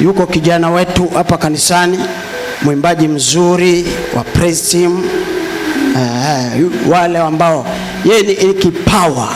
yuko kijana wetu hapa kanisani, mwimbaji mzuri wa praise team uh, wale ambao yeye ni, ni kipawa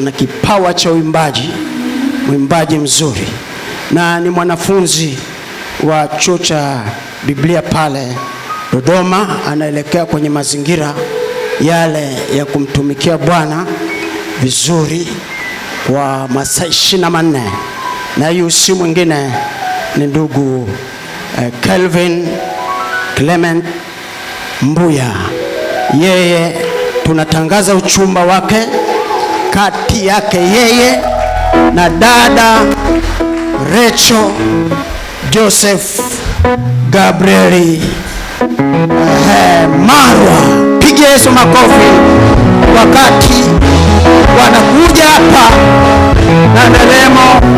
na kipawa cha uimbaji, mwimbaji mzuri na ni mwanafunzi wa chuo cha Biblia pale Dodoma, anaelekea kwenye mazingira yale ya kumtumikia Bwana vizuri kwa masaa ishirini na manne na huyu si mwingine ni ndugu eh, Kelvin eh, Clement Mbuya. Yeye tunatangaza uchumba wake kati yake yeye na dada Recho Joseph Gabrieli eh, Marwa. Piga Yesu makofi wakati wanakuja hapa na neremo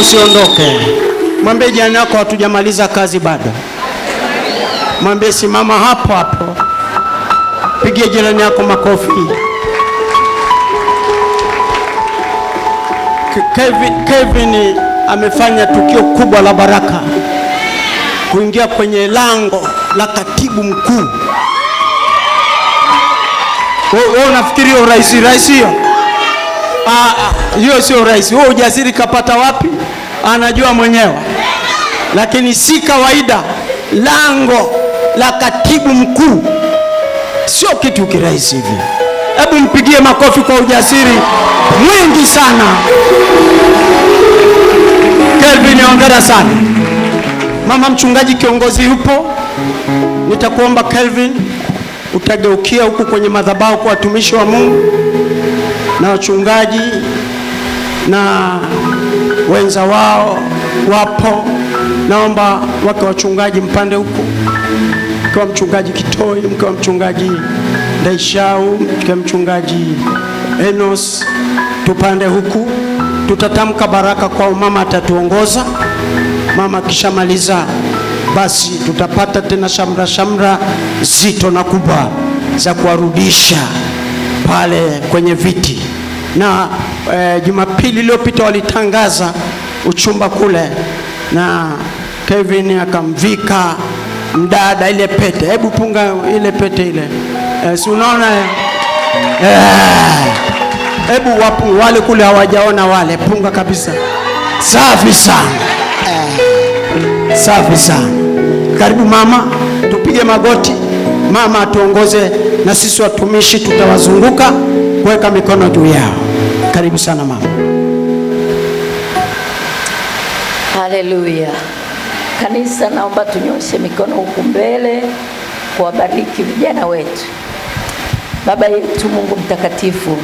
usiondoke. Mwambie jirani yako, hatujamaliza kazi bado. Mwambie simama hapo hapo, pigie jirani yako makofi. Kevin, Kevin amefanya tukio kubwa la baraka, kuingia kwenye lango la katibu mkuu. Wewe unafikiria urahisi rahisi hiyo? Ah, ah, hiyo sio rahisi. Wewe ujasiri kapata wapi? anajua mwenyewe, lakini si kawaida. Lango la katibu mkuu sio kitu kirahisi hivi. Hebu mpigie makofi kwa ujasiri mwingi sana. Kelvin, hongera sana. Mama mchungaji kiongozi yupo, nitakuomba Kelvin utageukia huku kwenye madhabahu kwa watumishi wa Mungu na wachungaji na wenza wao wapo, naomba wake wachungaji mpande huku, mke wa mchungaji Kitoi, mke wa mchungaji Ndaishau, mke wa mchungaji Enos, tupande huku. Tutatamka baraka kwao, mama atatuongoza. Mama akishamaliza basi tutapata tena shamra shamra zito na kubwa za kuwarudisha pale kwenye viti na e, Jumapili iliyopita walitangaza uchumba kule, na Kevin akamvika mdada ile pete. Hebu punga ile pete ile, e, si unaona eh, hebu e, wapu wale kule hawajaona wale, punga kabisa. Safi sana e, safi sana. Karibu mama, tupige magoti. Mama tuongoze na sisi watumishi tutawazunguka kuweka mikono juu yao. Karibu sana mama. Haleluya. Kanisa, naomba tunyoshe mikono huku mbele kuwabariki vijana wetu. Baba yetu Mungu mtakatifu,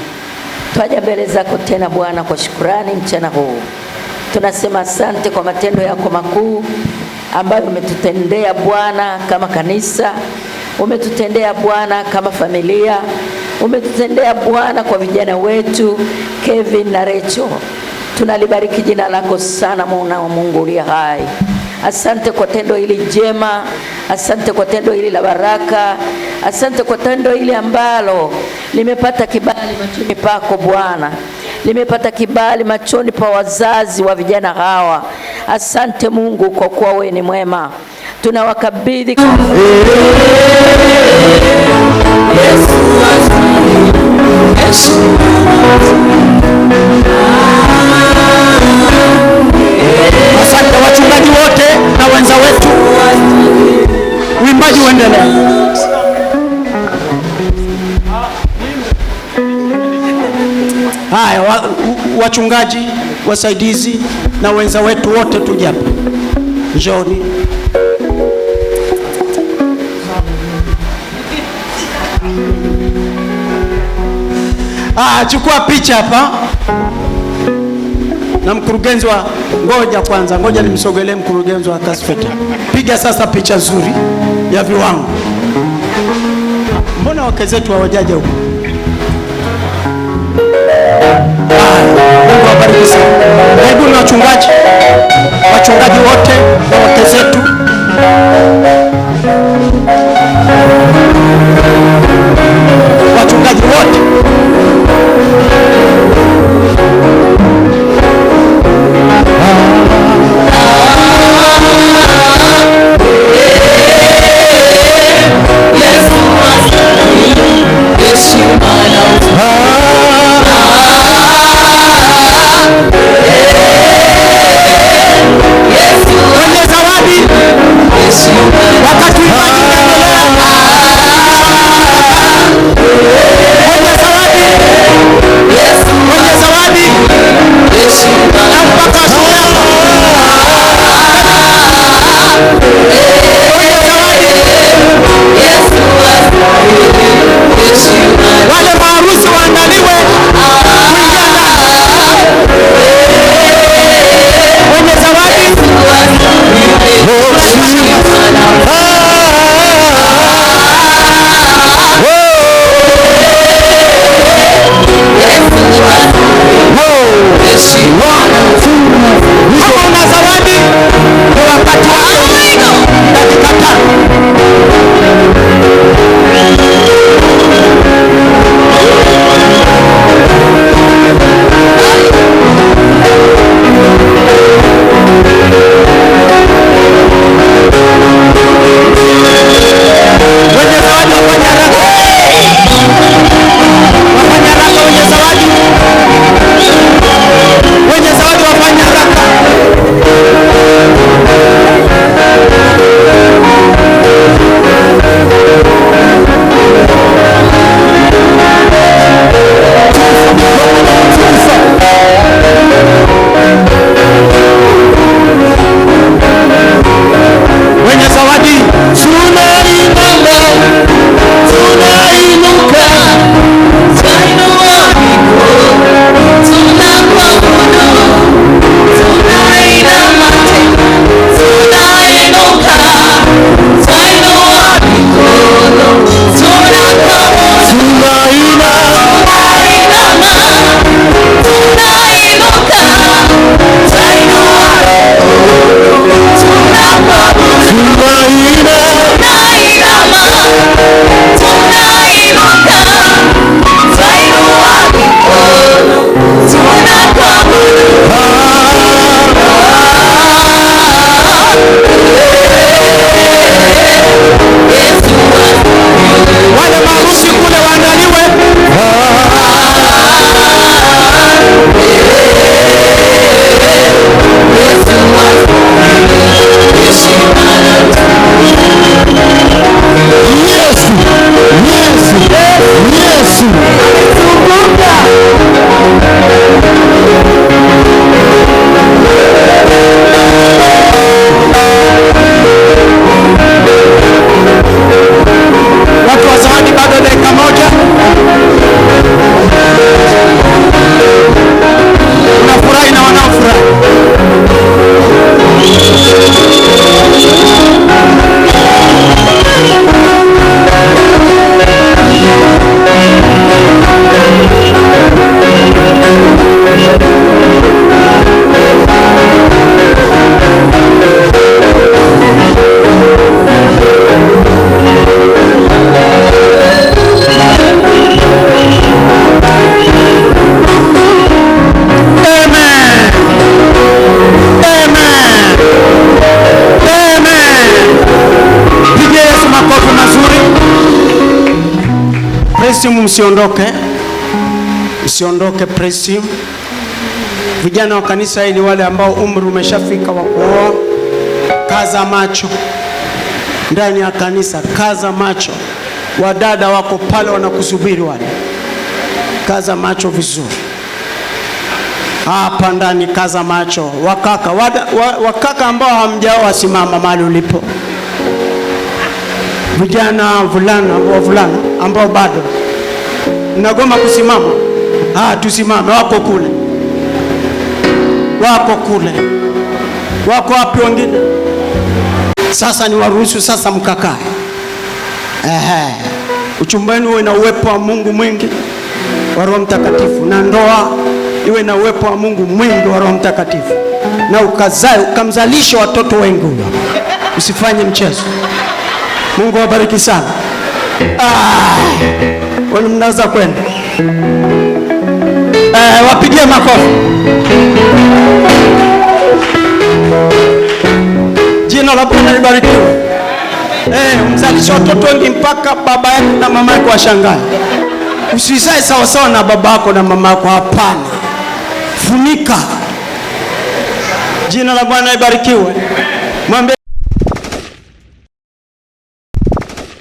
twaja mbele zako tena Bwana kwa shukurani mchana huu. Tunasema asante kwa matendo yako makuu ambayo umetutendea Bwana kama kanisa, umetutendea Bwana kama familia umetutendea Bwana kwa vijana wetu Kevin na Rachel. Tunalibariki jina lako sana, mwana wa Mungu uliye hai. Asante kwa tendo hili jema, asante kwa tendo hili la baraka, asante kwa tendo hili ambalo limepata kibali machoni pako Bwana, limepata kibali machoni pa wazazi wa vijana hawa. Asante Mungu kwa kuwa wewe ni mwema tunawakabidhi Asante wachungaji wote na wenza wetu, uimbaji uendelea. Haya, wa, wachungaji wasaidizi na wenza wetu wote, tujapa njooni. Ah, chukua picha hapa na mkurugenzi wa, ngoja kwanza, ngoja nimsogelee mkurugenzi wa Kasfeta. Piga sasa picha nzuri ya viwango. Mbona wake zetu hawajaja huko? Hebu na wachungaji, wachungaji wote na wake zetu wachungaji wote Thank you. Praise msiondoke, msiondoke praise Vijana wa kanisa hili, wale ambao umri umeshafika wa kuoa, kaza macho ndani ya kanisa, kaza macho. Wadada wako pale wanakusubiri wale, kaza macho vizuri hapa ndani, kaza macho. Wakaka wada, wakaka ambao hamjaoa, simama mahali ulipo. Vijana vulana, wavulana ambao bado mnagoma kusimama. Ah, tusimame. Wako kule, wako kule, wako wapi wengine? Sasa ni waruhusu sasa mkakae. Ehe, uchumbani uwe na uwepo wa Mungu mwingi wa Roho Mtakatifu, na ndoa iwe na uwepo wa Mungu mwingi wa Roho Mtakatifu, na ukazae ukamzalisha watoto wengi huyo. Usifanye mchezo. Mungu awabariki sana. Ah! Kwani mnaweza kwenda? Eh, wapigie makofi. Jina la Bwana libarikiwe. Eh, mzalishe watoto wengi mpaka baba yako na mama yako washangae. Usizae sawasawa na baba yako na mama yako, hapana. Funika. Jina la Bwana libarikiwe. Mwambie